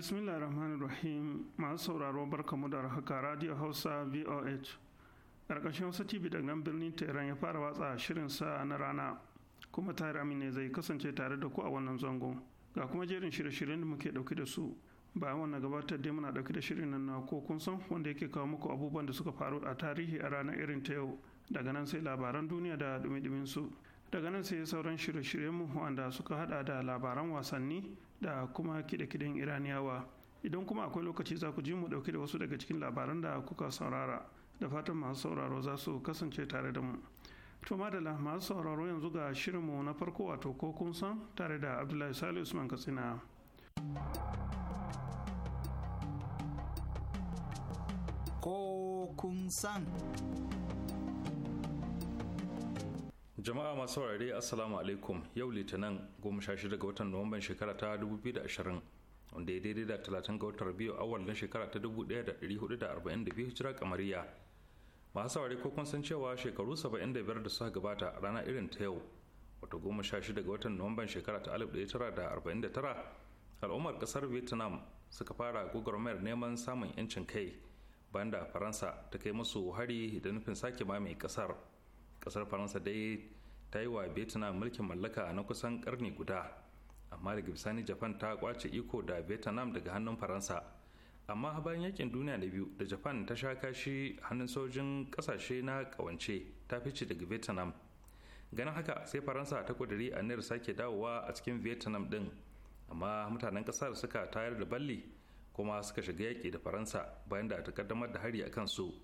bismillah rahman rahim masu sauraro barkamu da haka radio hausa voh ƙarƙashin wasu tv daga birnin tehran ya fara watsa shirinsa na rana kuma tare ne zai kasance tare da ku a wannan zangon ga kuma jerin shirye-shiryen da muke ɗauki da su bayan wannan gabatar dai muna ɗauki da shirin nan na ko kun san wanda yake kawo muku abubuwan da suka faru a tarihi a ranar irin ta yau daga nan sai labaran duniya da dumi-dumin su daga nan sai sauran shirye-shiryenmu wanda suka hada da labaran wasanni da kuma kide-kiden iraniyawa idan kuma akwai lokaci za ku ji mu dauke da wasu daga cikin labaran da kuka saurara da fatan masu sauraro za su kasance tare da mu to madala masu sauraro yanzu ga shirinmu na farko wato ko kun san tare da abdullahi salisu usman katsina ko kun san jama'a masu saurare assalamu alaikum yau litinin goma sha shida ga watan nuwamban shekara ta 2020 wanda ya daidai da 30 ga watan biyu awal na shekara ta 1442 hijira kamariya masu saurare ko kun san cewa shekaru 75 da suka gabata a rana irin ta yau wato goma sha shida ga watan nuwamban shekara ta 1949 al'ummar kasar vietnam suka fara mayar neman samun 'yancin kai bayan da faransa ta kai musu hari da nufin sake mamaye kasar kasar faransa dai ta yi wa vietnam mulkin mallaka na kusan karni guda amma daga bisani japan ta kwace iko da vietnam daga hannun faransa amma bayan yakin duniya na biyu da japan ta sha kashi hannun sojin kasashe na kawance ta fice daga vietnam ganin haka sai faransa ta kuduri aniyar sake dawowa a cikin vietnam din amma mutanen kasar suka tayar da balli kuma suka shiga yaki da faransa bayan da ta kaddamar da hari a kansu su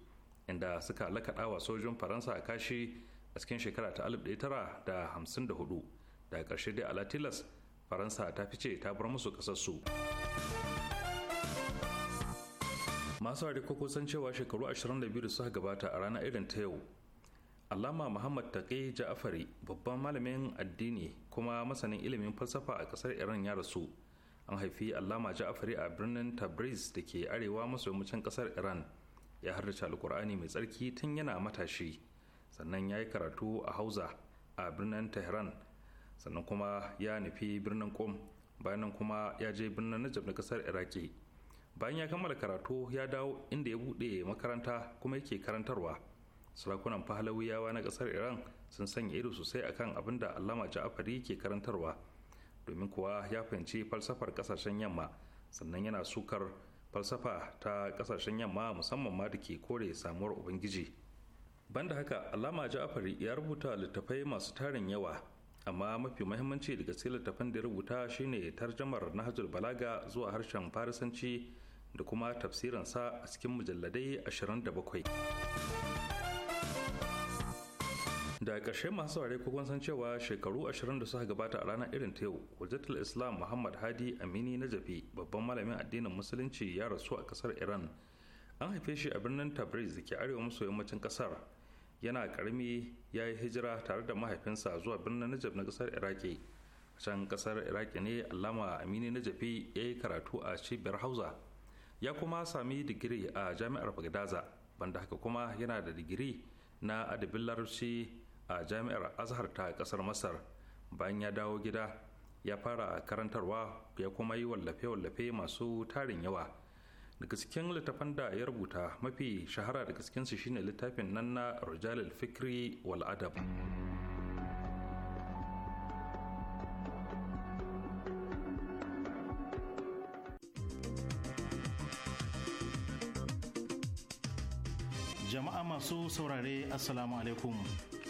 inda suka lakaɗa wa sojin faransa a kashi a cikin shekara ta 1954 daga ƙarshe dai alatilas faransa ta ce ta bar musu ƙasarsu masu ko kusan cewa shekaru 22 da suka gabata a ranar irin ta yau alama Muhammad Taqi Ja'afari babban malamin addini kuma masanin ilimin falsafa a ƙasar Iran ya rasu. An haifi alama Ja'afari a birnin Tabriz da ke arewa maso yammacin ƙasar Iran ya harrace alkur'ani mai tsarki tun yana matashi sannan ya yi karatu a hauza a birnin tehran sannan kuma ya nufi birnin kom bayan nan kuma ya je birnin najab na kasar iraki bayan ya kammala karatu ya dawo inda ya buɗe makaranta kuma yake karantarwa sarakunan fahalawiyawa na kasar iran sun sanya ido sosai akan abin da allama ja'afari ke karantarwa domin kuwa ya fahimci falsafar kasashen yamma sannan yana sukar falsafa ta kasashen yamma musamman ma da ke kore samuwar ubangiji banda haka alama ja'afari ya rubuta littattafai masu tarin yawa amma mafi mahimmanci daga sai littattafan da ya rubuta shine tarjamar nahajar balaga zuwa harshen farisanci da kuma tafsiransa a cikin mujalladai 27 da ƙarshe masu saurare ko san cewa shekaru 20 da suka gabata a ranar irin ta yau hujjatul islam muhammad hadi amini najafi babban malamin addinin musulunci ya rasu a ƙasar iran an haife shi a birnin tabriz da ke arewa maso yammacin ƙasar yana ƙarami, ya yi hijira tare da mahaifinsa zuwa birnin najaf na ƙasar iraki a can ƙasar iraki ne alama amini najafi ya yi karatu a cibiyar hausa ya kuma sami digiri a jami'ar bagdaza banda haka kuma yana da digiri na adabin larabci a jami'ar azhar ta kasar masar bayan ya dawo gida ya fara karantarwa ya kuma yi wallafe-wallafe masu tarin yawa daga cikin littafan da ya rubuta mafi shahara daga cikinsu shine littafin nan na rujalil fikri wal adab jama'a masu saurare assalamu alaikum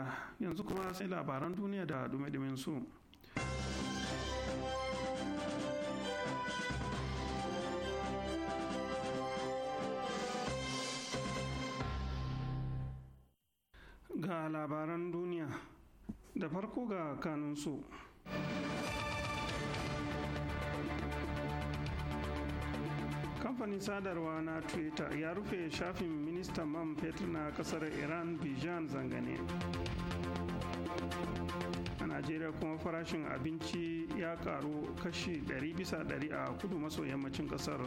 Allah yanzu kuma sai labaran duniya da dume su. ga labaran duniya da farko ga kanunsu. su kamfanin sadarwa na twitter ya rufe shafin Minista man fetur na kasar iran bijan zangane a najeriya kuma farashin abinci ya karu kashi 100 bisa 100 a kudu maso yammacin kasar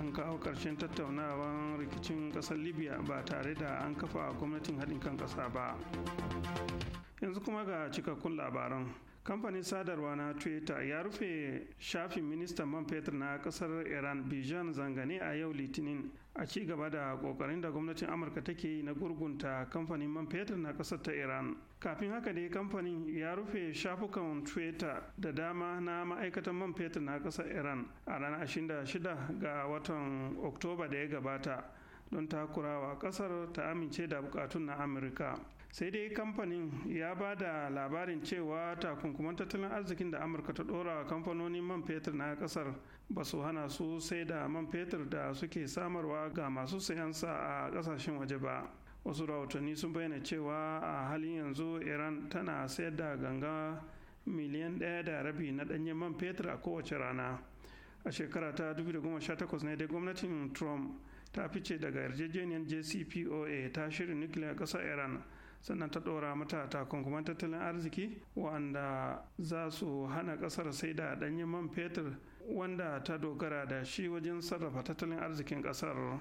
an kawo karshen tattaunawan rikicin kasar libya ba tare da an kafa gwamnatin haɗin kan ƙasa ba yanzu kuma ga cikakkun labaran kamfanin sadarwa na twitter ya rufe shafin ministan man fetur na kasar iran bijan zangane a yau litinin a ci gaba da kokarin da gwamnatin amurka take yi na gurgunta kamfanin man fetur na kasar ta iran kafin haka dai kamfanin ya rufe shafukan twitter da dama na ma'aikatan man fetur na kasar iran a ranar 26 ga watan oktoba da ya gabata don takurawa kasar ta amince da bukatun na amurka sai dai kamfanin ya ba da labarin cewa takunkuman tattalin arzikin da amurka ta dora kamfanonin man fetur na kasar ba su hana su sai da man fetur da suke samarwa ga masu sayansa a kasashen waje ba wasu rahotanni sun bayyana cewa a halin yanzu iran tana sayar da ganga miliyan ɗaya da rabi na ɗanyen man fetur a kowace rana a shekara ta 2018 ne dai gwamnatin trump ta fice daga yarjejeniyar jcpoa ta shirin nukiliya ƙasar iran sannan ta ɗora mata takunkuman tattalin arziki wanda za su hana ƙasar sai da ɗanyen man fetur wanda ta dogara da shi wajen sarrafa tattalin arzikin ƙasar.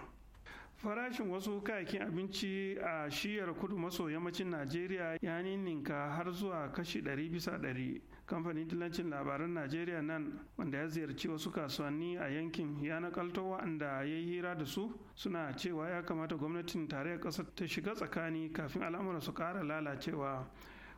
farashin wasu kayakin abinci a shiyar kudu maso yammacin najeriya ya ninka har zuwa kashi 100 bisa 100 kamfanin dillancin labaran najeriya nan wanda ya ziyarci wasu kasuwanni a yankin ya nakalto wa'anda ya yi hira da su suna cewa ya kamata gwamnatin tarayyar ƙasar ta shiga tsakani kafin al'amura su ƙara lalacewa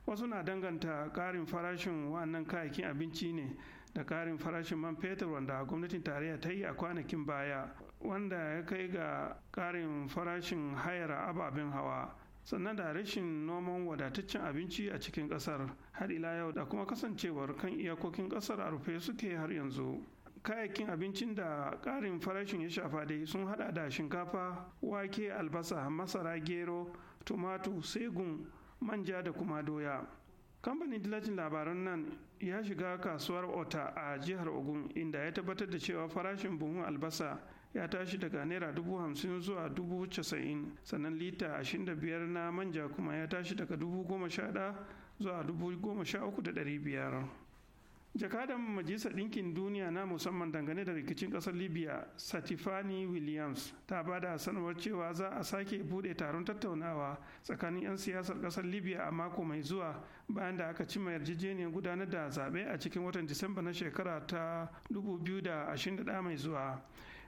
wasu na danganta ƙarin farashin wannan kayakin abinci ne da ƙarin farashin man fetur wanda gwamnatin tarayya ta yi a kwanakin baya wanda ya kai ga ƙarin farashin hayar ababen hawa sannan da rashin noman wadataccen abinci a cikin ƙasar har ila yau da kuma kasancewar kan iyakokin ƙasar a rufe suke har yanzu kayakin abincin da ƙarin farashin ya shafa dai sun hada da shinkafa wake albasa masara gero tumatu segun manja da kuma doya kamfanin dilacin labaran nan ya shiga kasuwar ota a jihar ogun inda ya tabbatar da cewa farashin buhun albasa ya tashi daga naira dubu hamsin zuwa dubu casa'in sannan lita ashirin da biyar na manja kuma ya tashi daga dubu goma sha ɗaya zuwa dubu goma sha uku da ɗari biyar jakadan majalisar ɗinkin duniya na musamman dangane da rikicin ƙasar libya satifani williams ta ba da sanarwar cewa za a sake buɗe taron tattaunawa tsakanin 'yan siyasar ƙasar libya a mako mai zuwa bayan da aka cimma yarjejeniyar gudanar da zaɓe a cikin watan disamba na shekara ta 2021 mai zuwa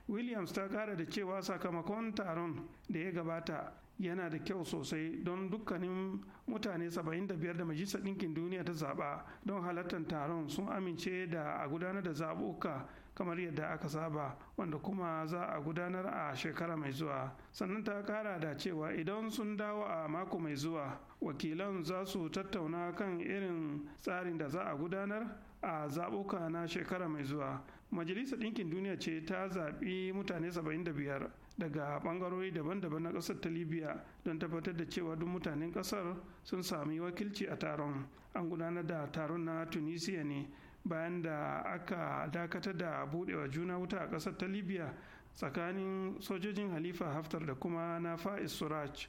williams ta kara da cewa sakamakon taron da ya gabata yana da kyau sosai don dukkanin mutane 75 da majalisar ɗinkin duniya ta zaɓa don halartar taron sun amince da a gudanar da zaɓuka kamar yadda aka saba wanda kuma za a gudanar a shekara mai zuwa sannan ta kara da cewa idan sun dawo a mako mai zuwa wakilan za su tattauna kan irin tsarin da za a gudanar a zaɓuka na shekara mai zuwa majalisar dinkin duniya ce ta zaɓi mutane 75 daga ɓangarori daban-daban na ƙasar ta libya don tabbatar da cewa duk mutanen ƙasar sun sami wakilci a taron an gudanar da taron na tunisia ne bayan da aka dakatar da buɗewa juna wuta a ƙasar ta libya tsakanin sojojin halifa haftar da kuma na fa'is suraj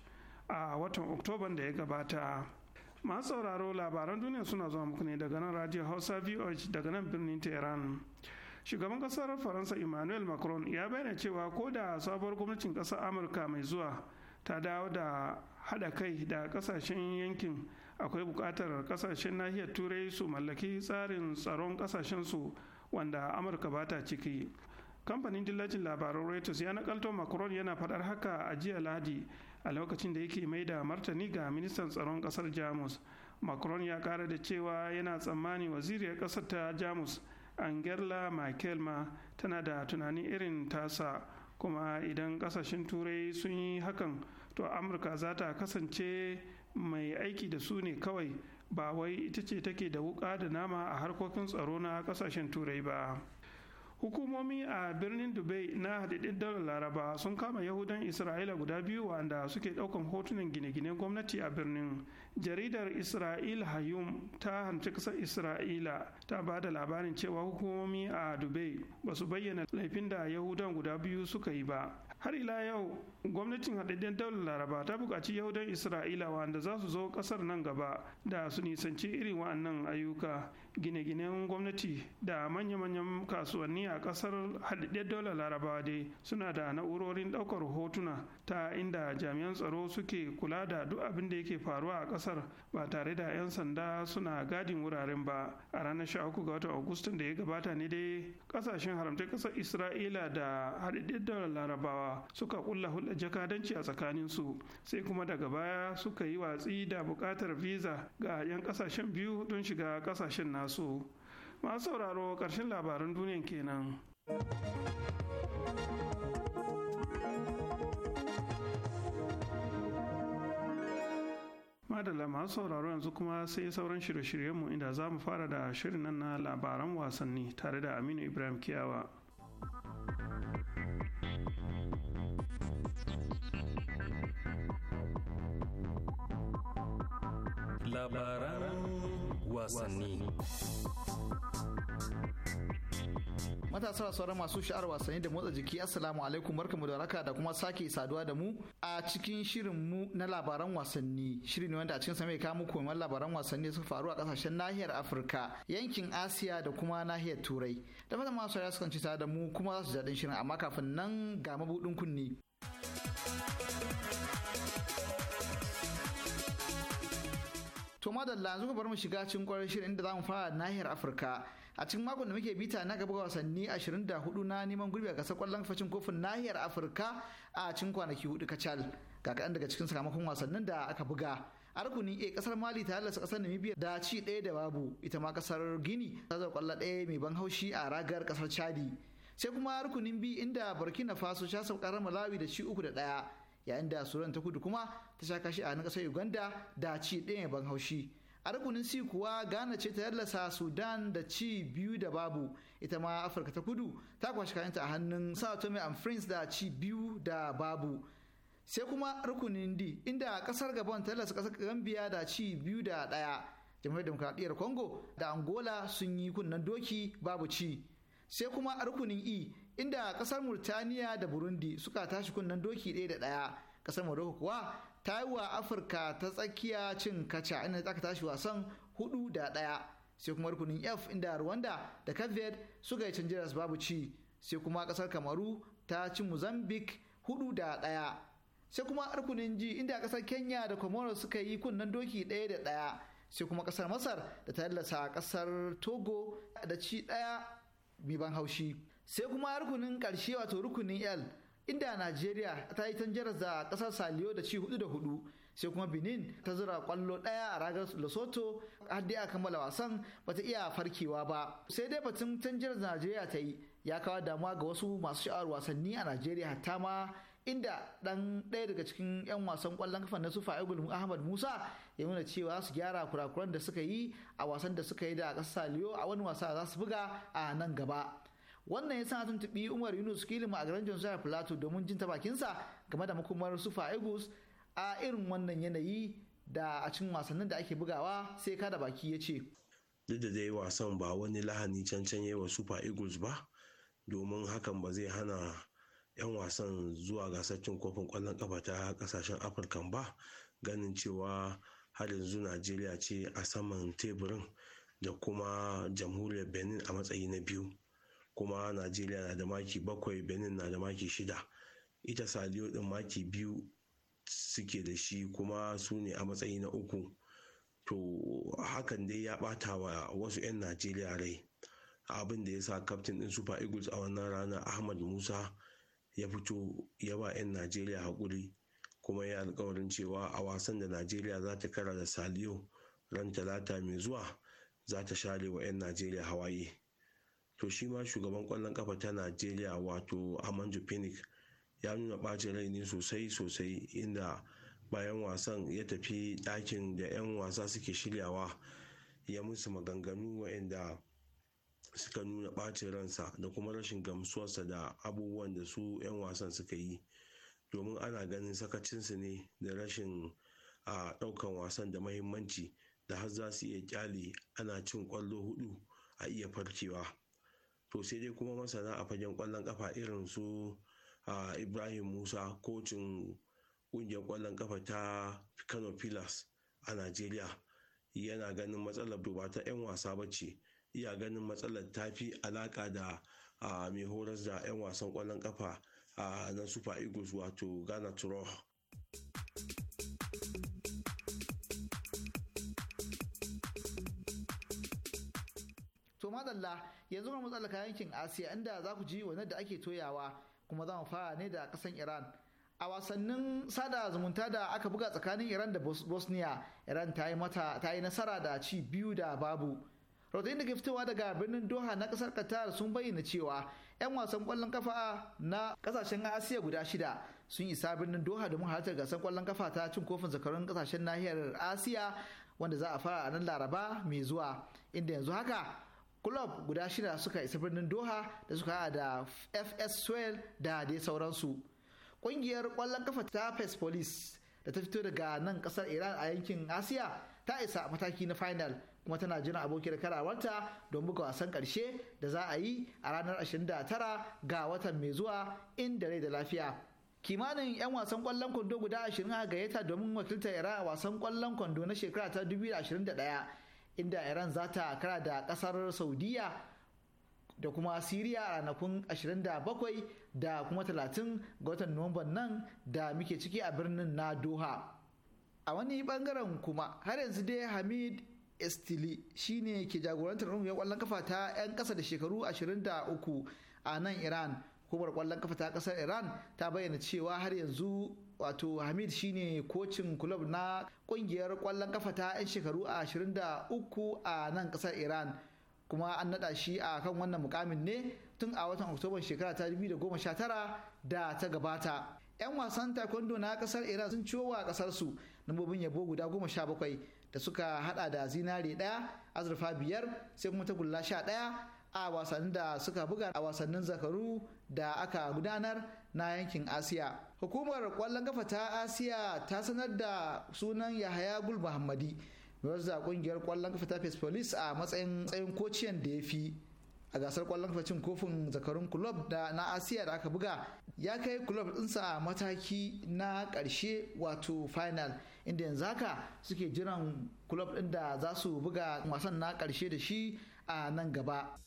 a watan oktoban da ya gabata masu sauraro labaran duniya suna zuwa muku ne daga nan radio hausa voh daga nan birnin tehran shugaban kasar faransa emmanuel macron ya bayyana cewa ko da sabuwar gwamnatin kasar amurka mai zuwa ta dawo da haɗa kai da kasashen yankin akwai buƙatar kasashen nahiyar turai su mallaki tsarin tsaron kasashensu wanda amurka ba ta ciki kamfanin dillacin labaran reuters ya nakalto macron yana faɗar haka a jiya ladi a lokacin da yake mai da martani ga ministan tsaron kasar jamus macron ya kara da cewa yana tsammani waziriyar kasar ta jamus angela merkel ma tana da tunanin irin tasa kuma idan kasashen turai sun yi hakan to amurka za ta kasance mai aiki da su ne kawai ba wai ita ce take da wuka da nama a harkokin tsaro na kasashen turai ba. hukumomi a birnin dubai na hadadin daular laraba sun kama yahudan isra'ila guda biyu wanda suke daukan hotunan gine gine gwamnati a birnin jaridar isra'il hayum ta hanci kasar isra'ila ta ba da labarin cewa hukumomi a dubai ba su bayyana laifin da yahudan guda biyu suka yi ba har ila yau gwamnatin hadadin daular laraba ta buƙaci yahudan isra'ila wanda za su zo ƙasar nan gaba da su nisanci irin wa'annan ayyuka gine-ginen gwamnati da manya-manyan kasuwanni a kasar haɗaɗɗen daular larabawa dai suna da na'urorin ɗaukar hotuna ta inda jami'an tsaro suke kula da duk abin da yake faruwa a kasar ba tare da 'yan sanda suna gadin wuraren ba a ranar 13 ga watan agustan da ya gabata ne dai kasashen haramta kasar isra'ila da haɗaɗɗen daular larabawa suka kulla hulɗa jakadanci a tsakanin su sai kuma daga baya suka yi watsi da buƙatar visa ga 'yan kasashen biyu don shiga kasashen nasu nasu masu sauraro ƙarshen labaran duniyan kenan. madalla masu sauraro yanzu kuma sai sauran shirye-shiryenmu inda za mu fara da shirin nan na labaran wasanni tare da aminu ibrahim kiyawa labaran wasanni matasa sauran masu sha'ar wasanni da motsa jiki assalamu alaikum barkamu da raka da kuma sake saduwa da mu a cikin shirin mu na labaran wasanni shirin ne wanda a cikin mai kawo muku mai labaran wasanni suka faru a kasashen nahiyar afirka yankin asiya da kuma nahiyar turai da fatan masu sha'ar sukan ci da mu kuma za su jaɗin shirin amma kafin nan ga mabuɗin kunni. to madalla yanzu bar mu shiga cikin kwarar shirin inda zamu fara nahiyar afirka a cikin makon da muke bita na gaba wasanni 24 na neman gurbi a gasar kwallon fashin kofin nahiyar afirka a cikin kwanaki hudu kacal ga kaɗan daga cikin sakamakon wasannin da aka buga a rukuni a kasar mali ta halasta kasar namibia da ci ɗaya da babu ita ma kasar gini ta zo kwallo ɗaya mai ban haushi a ragar kasar chadi sai kuma rukunin b inda burkina faso ta sauƙar malawi da ci uku da ɗaya yayin da sudan ta kudu kuma ta sha kashi a na kasar uganda da ci ɗaya ban haushi a rukunin si kuwa ghana ce ta yallasa sudan da ci biyu da babu ita ma afirka ta kudu ta kwashe kayanta a hannun sao tome and friends da ci biyu da babu sai kuma rukunin d inda kasar gabon ta yallasa kasar gambia da ci biyu da ɗaya jamhuriyar demokradiyyar congo da angola sun yi kunnen doki babu ci sai kuma rukunin e inda kasar murtaniya da burundi suka tashi kunnen doki ɗaya da ɗaya kasar morocco kuwa ta yi wa afirka ta tsakiya cin kaca inda aka tashi wasan hudu da ɗaya sai kuma rukunin f inda rwanda da cape suka yi da babu ci sai kuma kasar kamaru ta ci mozambique hudu da ɗaya sai kuma rukunin ji inda kasar kenya da comoros suka yi kunnen doki ɗaya da ɗaya sai kuma kasar masar da ta lallasa kasar togo da ci ɗaya mai ban haushi sai kuma rukunin karshe wato rukunin l inda najeriya ta yi tanjarar da kasar saliyo da ci hudu da hudu sai kuma benin ta zura kwallo ɗaya a ragar lesotho har dai a kammala wasan bata iya farkewa ba sai dai batun tanjarar da najeriya ta yi ya kawo damuwa ga wasu masu sha'awar wasanni a najeriya hatta ma inda dan ɗaya daga cikin 'yan wasan kwallon kafa na sufa igul ahmad musa ya nuna cewa su gyara kurakuran da suka yi a wasan da suka yi da kasar saliyo a wani wasa za su buga a nan gaba wannan yasa sun tabi Umar Yunus Kilimu a garin Jos Jihar Plateau domin jin ta bakinsa game da makomar Sufa Eagles a irin wannan yanayi da a cikin wasannin da ake bugawa sai kada baki ya ce duk da dai wasan ba wani lahani cancan yi wa super eagles ba domin hakan ba zai hana 'yan wasan zuwa gasar cin kofin kwallon kafa ta kasashen afirka ba ganin cewa har yanzu najeriya ce a saman teburin da kuma jamhuriyar benin a matsayi na biyu kuma najeriya na da maki bakwai benin na da maki shida ita saliyo din maki biyu suke da shi kuma su ne a matsayi na uku to hakan dai ya bata wa wasu 'yan najeriya rai abin da ya sa kaftin din super eagles a wannan rana ahmad musa ya fito ya ba 'yan najeriya haƙuri kuma ya alkawarin cewa a wasan da najeriya za ta kara da saliyo ran talata mai zuwa za ta share wa 'yan najeriya hawaye to shi ma shugaban kwallon kafa ta najeriya wato amanjo phoenix ya nuna ɓacin rai ne sosai sosai inda bayan wasan ya tafi ɗakin da 'yan wasa suke shiryawa ya musu maganganu wa'inda suka nuna ɓacin ransa da kuma rashin gamsuwarsa da abubuwan da su 'yan wasan suka yi domin ana ganin sakacinsu ne da rashin a ɗaukan wasan da muhimmanci da har za su iya kyale ana cin ƙwallo hudu a iya farkewa to sai dai kuma masana a fagen kwallon kafa irin su ibrahim musa kocin kungiyar kwallon kafa ta kano pillars a najeriya yana ganin matsalar ba ta 'yan wasa ba ce iya ganin matsalar ta fi alaka da mai horas da 'yan wasan kwallon kafa na super eagles wato ghana turo madalla yanzu kuma tsallaka yankin asiya inda za ku ji wani da ake toyawa kuma za mu fara ne da kasan iran a wasannin sada zumunta da aka buga tsakanin iran da bosnia iran ta yi mata ta yi nasara da ci biyu da babu rahotanni da fitowa daga birnin doha na kasar qatar sun bayyana cewa 'yan wasan kwallon kafa na kasashen asiya guda shida sun isa birnin doha domin halartar gasar kwallon kafa ta cin kofin zakarun kasashen nahiyar asiya wanda za a fara a nan laraba mai zuwa inda yanzu haka club guda shida suka isa birnin doha da suka da fs swell da dai sauransu ƙungiyar ƙwallon kafa ta police da ta fito daga nan kasar iran a yankin asiya ta isa mataki na final kuma tana jiran da karawarta don buga wasan karshe da za a yi a ranar 29 ga watan mai zuwa inda rai da lafiya kimanin 'yan wasan kwallon kwando guda 20 a gayyata domin wakiltar ira a wasan kwallon kwando na shekara ta 2021 inda iran za ta kara da kasar saudiya da kuma siriya a ranakun 27 da kuma 30 ga watan nuwamban nan da muke ciki a birnin na doha a wani bangaren kuma har yanzu dai hamid estili shine ke jagorantar rungiyar kwallon kafa ta 'yan kasa da shekaru 23 a nan iran hukumar kwallon kafa ta kasar iran ta bayyana cewa har yanzu wato hamid shine kocin kulob na kungiyar kwallon kafa ta 'yan shekaru 23 a nan kasar iran kuma an nada shi a kan wannan mukamin ne tun a watan oktoba shekara ta 2019 da ta gabata 'yan wasan taekwondo na kasar iran sun ciwo wa kasar su lambobin yabo guda 17 da suka hada da zinare daya azurfa biyar sai kuma tagulla sha daya a wasannin da suka buga a wasannin zakaru da aka gudanar na yankin asiya hukumar kwallon kafa ta asiya ta sanar da sunan yahaya gul muhammadi da kungiyar kwallon kafa ta face police a matsayin tsayin kociyan da ya fi a gasar kwallon kafa cin kofin zakarun kulob na asiya da aka buga ya kai kulob dinsa a mataki na karshe wato final inda yanzu haka suke jiran kulob din da za su buga wasan na karshe da shi a nan gaba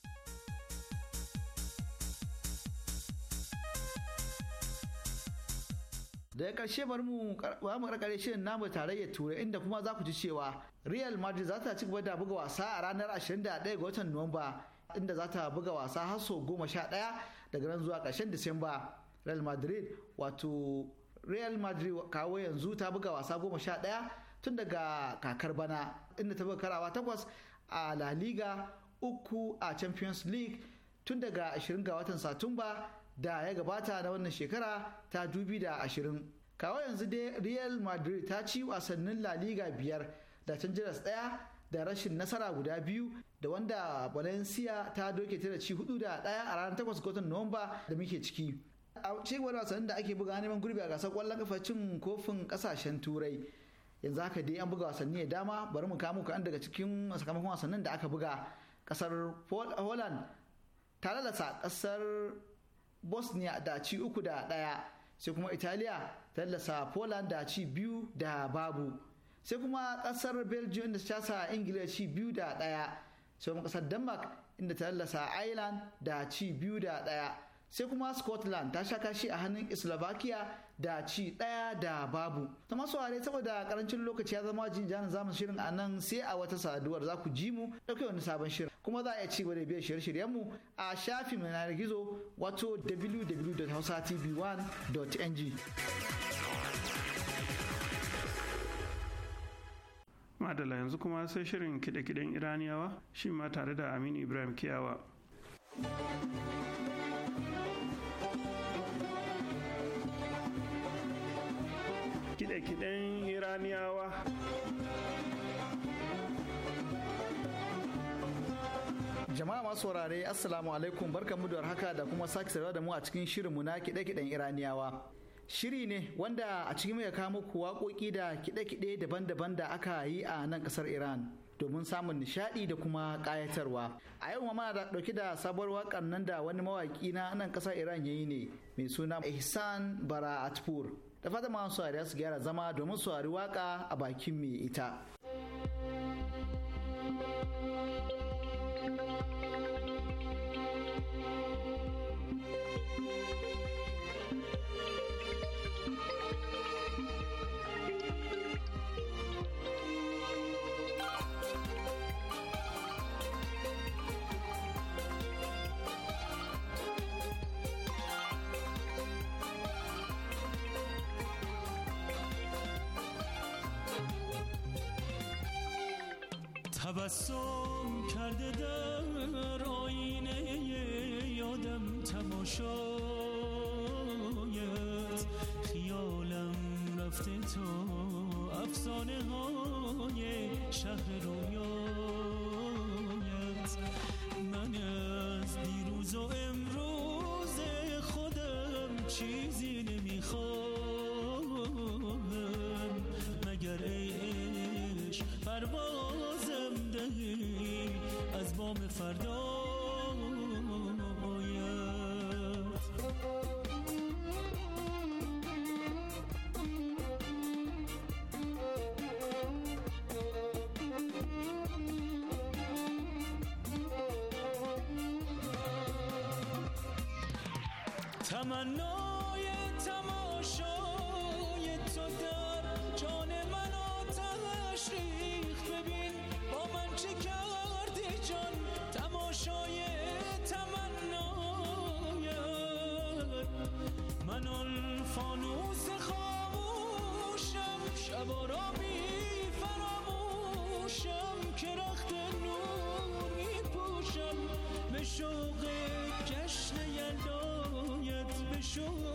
daga karshe bari mu mu karkare shirin namu tarayyar turai inda kuma za ku ji cewa real madrid za ta ci gaba da buga wasa a ranar 21 ga watan nuwamba inda za ta buga wasa har sau goma sha ɗaya daga nan zuwa ƙarshen disamba real madrid wato real madrid kawo yanzu ta buga wasa goma sha ɗaya tun daga kakar bana inda ta buga karawa takwas a la liga uku a champions league tun daga 20 ga watan satumba da ya gabata na wannan shekara ta dubi da ashirin. Kawo yanzu dai Real Madrid ta ci wasannin La Liga biyar da jiras ɗaya da rashin nasara guda biyu da wanda Valencia ta doke ta da ci hudu da ɗaya a ranar takwas ga watan Nuwamba da muke ciki. A cewar wasannin da ake buga neman gurbi a gasar kwallon kafa cin kofin ƙasashen Turai. Yanzu haka dai an buga wasanni da dama bari mu kamo kan daga cikin sakamakon wasannin da aka buga. Kasar Holland ta lalasa kasar bosnia da ci uku da ɗaya sai kuma italiya ta lallasa poland da ci biyu da babu sai kuma ƙasar belgium da ta ingila ci biyu da ɗaya sai kuma ƙasar denmark inda ta lallasa ireland da ci biyu da ɗaya sai kuma scotland ta sha kashi a hannun slovakia da ci daya da babu ta masu ware saboda karancin lokaci ya zama jin jana zamun shirin a nan sai a wata saduwar za ku ji mu dauke wani sabon shirin kuma za a iya ci gaba da biyar shirye-shiryen mu a shafin yanar gizo wato www.hausatv1.ng madala yanzu kuma sai shirin kide-kiden iraniyawa shi ma tare da aminu ibrahim kiyawa kide-kiden iraniyawa jama'a masu saurare assalamu alaikum barkanmu da haka da kuma sake saurara da mu a cikin shirinmu na kide-kiden iraniyawa shiri ne wanda a cikin muka kawo muku waƙoƙi da kiɗe-kiɗe daban-daban da aka yi a nan ƙasar iran domin samun nishadi da kuma kayatarwa a yau ma da dauki da sabuwar wakar nan da wani mawaki na nan kasar iran yayi ne mai suna ihsan bara atpur da fata masu su gyara zama domin su waka a bakin mai ita تبسم کرده در آینه یادم تماشایت خیالم رفته تو افسانه های شهر رویا Tamano. sure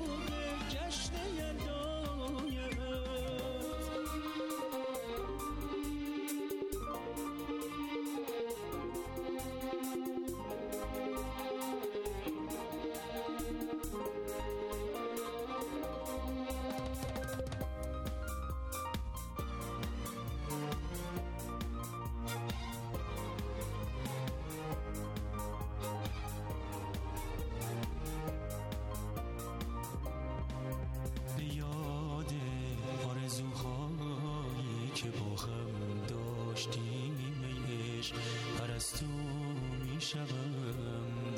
که با هم داشتیم می پرستو میشوم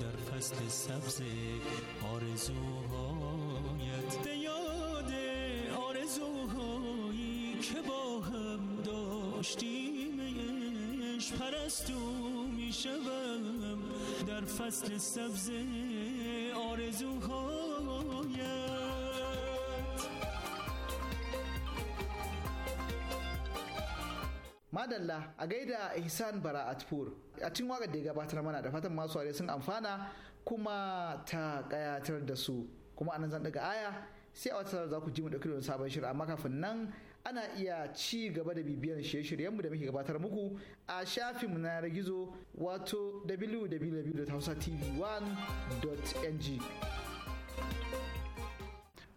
در فصل سبز آرزوهایت به یاد آرزوهایی که با هم داشتیم ایش پرستو می در فصل سبز آرزوهایت madalla a gaida ihsan bara atpur a cikin wakar da ya gabatar mana da fatan masu ware sun amfana kuma ta kayatar da su kuma anan zan daga aya sai a wata za ku ji mu dauki kiran sabon shirin amma kafin nan ana iya ci gaba da bibiyar shirye mu da muke gabatar muku a shafin na yanar gizo wato www.hausatv1.ng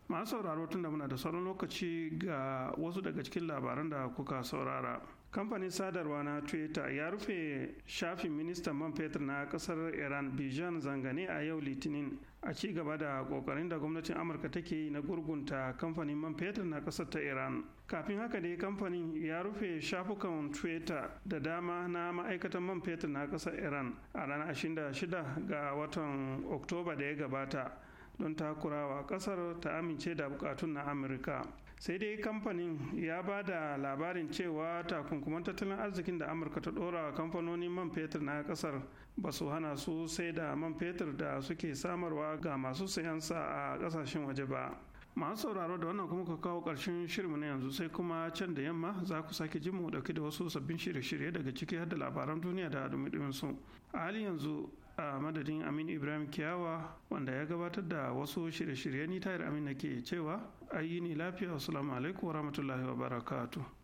masu sauraro tun da muna da sauran lokaci ga wasu daga cikin labaran da kuka saurara. kamfanin sadarwa na twitter ya rufe shafin ministan man fetur na kasar iran bijan zangane a yau litinin a ci gaba da kokarin da gwamnatin amurka take yi na gurgunta kamfanin man fetur na kasar ta iran kafin haka dai kamfanin ya rufe shafukan twitter da dama na ma'aikatan man fetur na kasar iran a ranar 26 ga watan oktoba da ya gabata don takurawa kasar ta amince da bukatun na amurka sai dai kamfanin ya ba da labarin cewa takunkuman tattalin arzikin da amurka ta dora kamfanonin man fetur na kasar ba su hana su sai da man fetur da suke samarwa ga masu sayansa a kasashen waje ba masu sauraro da wannan kuma ka kawo ƙarshen shirin na yanzu sai kuma can da yamma za ku sake jin mu dauke da wasu sabbin shirye-shirye daga ciki har da labaran duniya da dumi su a halin yanzu a madadin Aminu ibrahim kiyawa wanda ya gabatar da wasu shirye-shiryen ni tayar amin ke cewa ayi ni lafiya assalamu alaikum wa barakatu.